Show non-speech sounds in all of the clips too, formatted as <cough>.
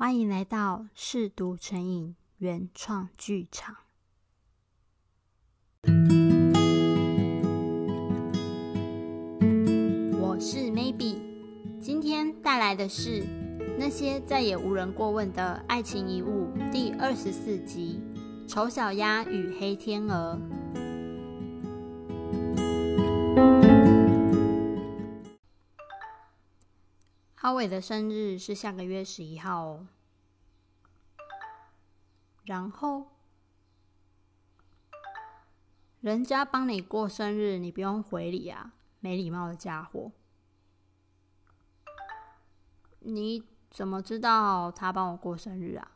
歡迎來到《嗜讀成癮》原創劇場，我是 Maybe，今天帶來的是《那些再也無人過問的愛情遺物》第二十四集《醜小鴨與黑天鵝》。阿偉的生日是下個月十一號哦。然後，人家幫你過生日，你不用回禮啊，沒禮貌的家伙！你怎麼知道他幫我過生日啊？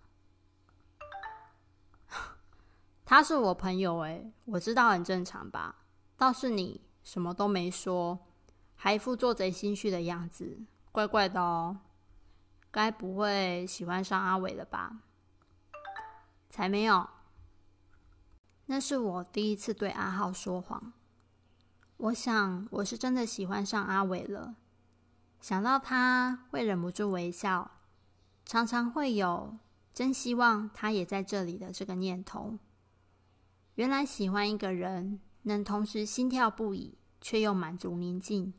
他是我朋友誒，我知道很正常吧？倒是你什麼都沒說，還一副做賊心虛的樣子。怪怪的哦，該不會喜歡上阿偉了吧？才沒有，那是我第一次對阿浩說謊。我想，我是真的喜歡上阿偉了。想到他會忍不住微笑，常常會有真希望他也在這裡的這個念頭。原來喜歡一個人，能同時心跳不已，卻又滿足寧靜，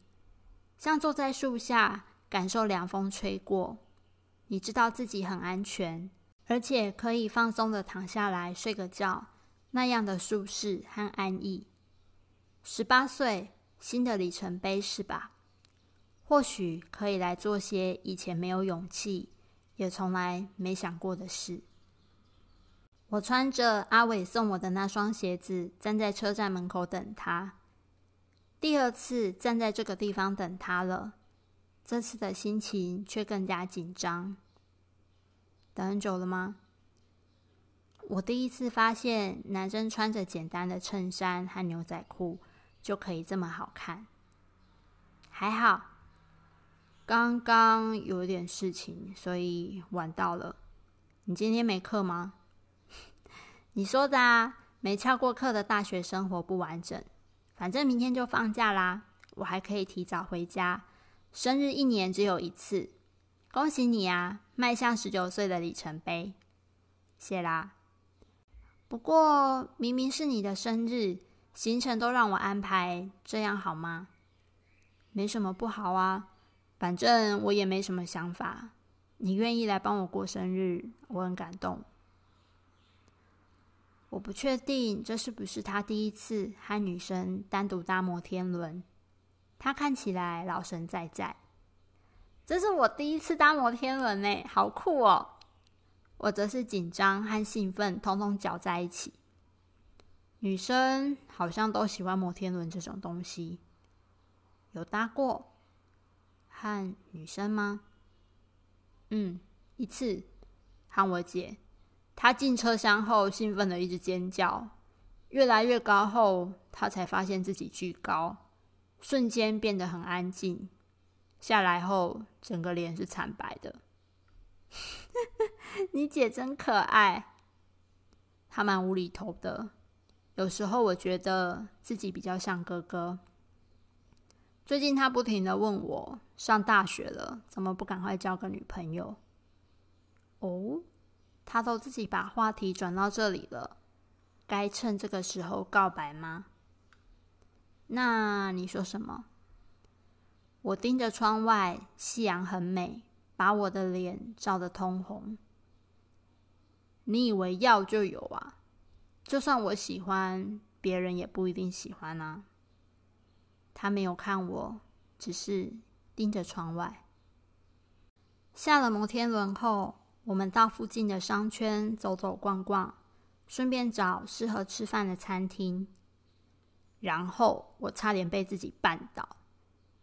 像坐在樹下。感受涼風吹過，你知道自己很安全，而且可以放鬆地躺下來睡個覺，那樣的舒適和安逸。十八歲，新的里程碑，是吧？或許可以來做些以前沒有勇氣，也從來沒想過的事。我穿着阿偉送我的那雙鞋子，站在車站門口等他。第二次站在這個地方等他了。這次的心情卻更加緊張。等很久了嗎？我第一次發現男生穿着簡單的襯衫和牛仔褲就可以這麼好看。還好，剛剛有點事情，所以晚到了。你今天沒課嗎？ <laughs> 你說的啊，沒翹過課的大學生活不完整。反正明天就放假啦，我還可以提早回家。生日一年只有一次，恭喜你啊！邁向十九歲的里程碑。謝啦。不過明明是你的生日，行程都讓我安排，這樣好嗎？沒什麼不好啊，反正我也沒什麼想法。你願意來幫我過生日，我很感動。我不確定這是不是他第一次和女生單獨搭摩天輪。他看起來老神在在。這是我第一次搭摩天輪欸，好酷哦！我則是緊張和興奮統統攪在一起。女生好像都喜歡摩天輪這種東西，有搭過？和女生嗎？嗯，一次，和我姐。她進車廂後興奮的一直尖叫，越來越高後，她才發現自己巨高。瞬間變得很安靜，下來後整個臉是慘白的。 <laughs> 你姐真可愛，她蠻無厘頭的，有時候我覺得自己比較像哥哥。最近他不停地問我，上大學了，怎麼不趕快交個女朋友？哦，他都自己把話題轉到這裡了，該趁這個時候告白嗎？那你說什麼？我盯着窗外，夕陽很美，把我的臉照得通紅。你以為要就有啊？就算我喜歡，別人也不一定喜歡啊。他沒有看我，只是盯着窗外。下了摩天輪後，我們到附近的商圈走走逛逛，順便找適合吃飯的餐廳。然後我差點被自己絆倒，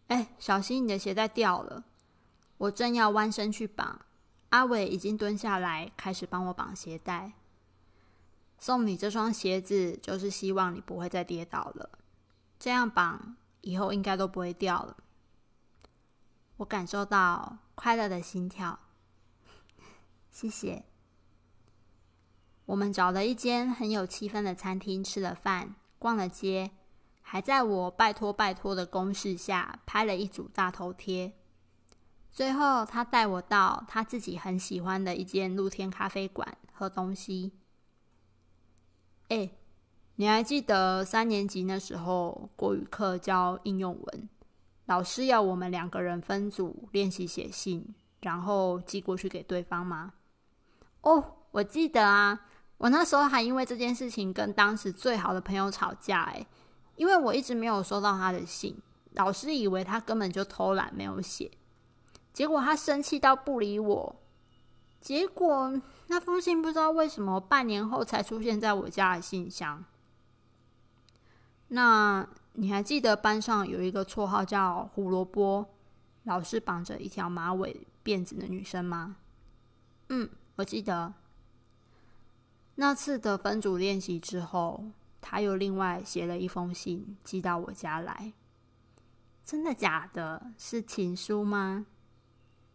哎，小心你的鞋帶掉了！我正要彎身去綁，阿偉已經蹲下來開始幫我綁鞋帶。送你這雙鞋子，就是希望你不會再跌倒了。這樣綁以後應該都不會掉了。我感受到快樂的心跳。謝謝。我們找了一間很有氣氛的餐廳吃了飯，逛了街。還在我拜托拜托的攻勢下拍了一組大頭貼。最後，他帶我到他自己很喜歡的一間露天咖啡館喝東西。哎，你還記得三年級那時候國語課教應用文，老師要我們兩個人分組練習寫信，然後寄過去給對方嗎？哦，我記得啊，我那時候還因為這件事情跟當時最好的朋友吵架。欸。哎。因為我一直沒有收到他的信，老師以為他根本就偷懶沒有寫，結果他生氣到不理我。結果那封信不知道為什麼半年後才出現在我家的信箱。那你還記得班上有一個綽號叫“胡蘿蔔”，老是綁着一條馬尾辮子的女生嗎？嗯，我記得。那次的分組練習之後。他又另外寫了一封信寄到我家來，真的假的？是情書嗎？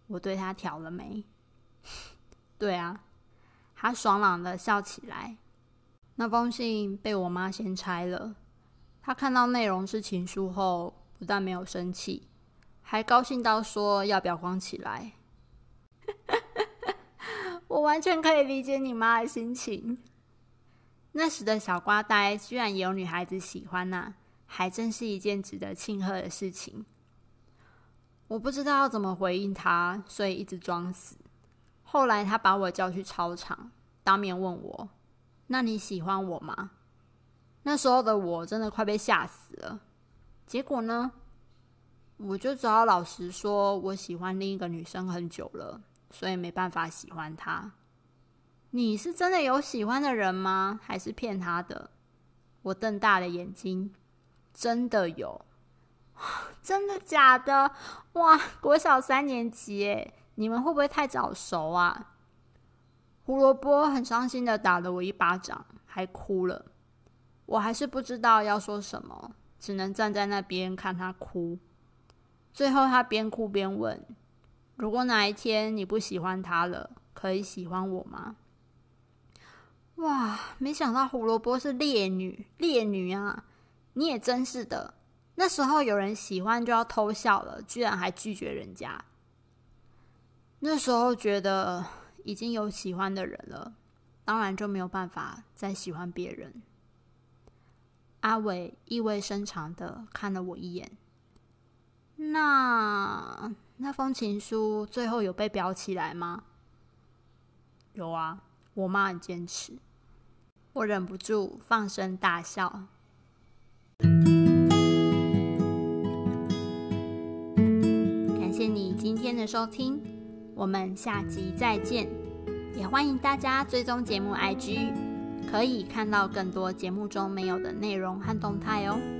我對他挑了眉。 <laughs> 對啊，他爽朗地笑起來。那封信被我媽先拆了，她看到內容是情書後，不但沒有生氣，還高興到說要表光起來。 <laughs> 我完全可以理解你媽的心情。那時的小瓜呆居然也有女孩子喜歡那、啊、還真是一件值得慶賀的事情。我不知道要怎麼回應他，所以一直裝死。後來他把我叫去操場，當面問我：“那你喜歡我嗎？”那時候的我真的快被嚇死了。結果呢，我就只好老實說，我喜歡另一個女生很久了，所以沒辦法喜歡她。你是真的有喜歡的人嗎？還是騙他的？我瞪大了眼睛，真的有，哦，真的假的？哇，國小三年級哎，你們會不會太早熟啊？胡蘿蔔很傷心的打了我一巴掌，還哭了。我還是不知道要說什麼，只能站在那邊看他哭。最後，他邊哭邊問：“如果哪一天你不喜歡他了，可以喜歡我嗎？”哇，沒想到胡蘿蔔是烈女，烈女啊！你也真是的。那時候有人喜歡就要偷笑了，居然還拒絕人家。那時候覺得已經有喜歡的人了，當然就沒有辦法再喜歡別人。阿偉意味深長地看了我一眼。那那封情書最後有被裱起來嗎？有啊，我媽很堅持。我忍不住放聲大笑。感謝你今天的收聽，我們下集再見。也歡迎大家追蹤節目 IG，可以看到更多節目中沒有的內容和動態哦。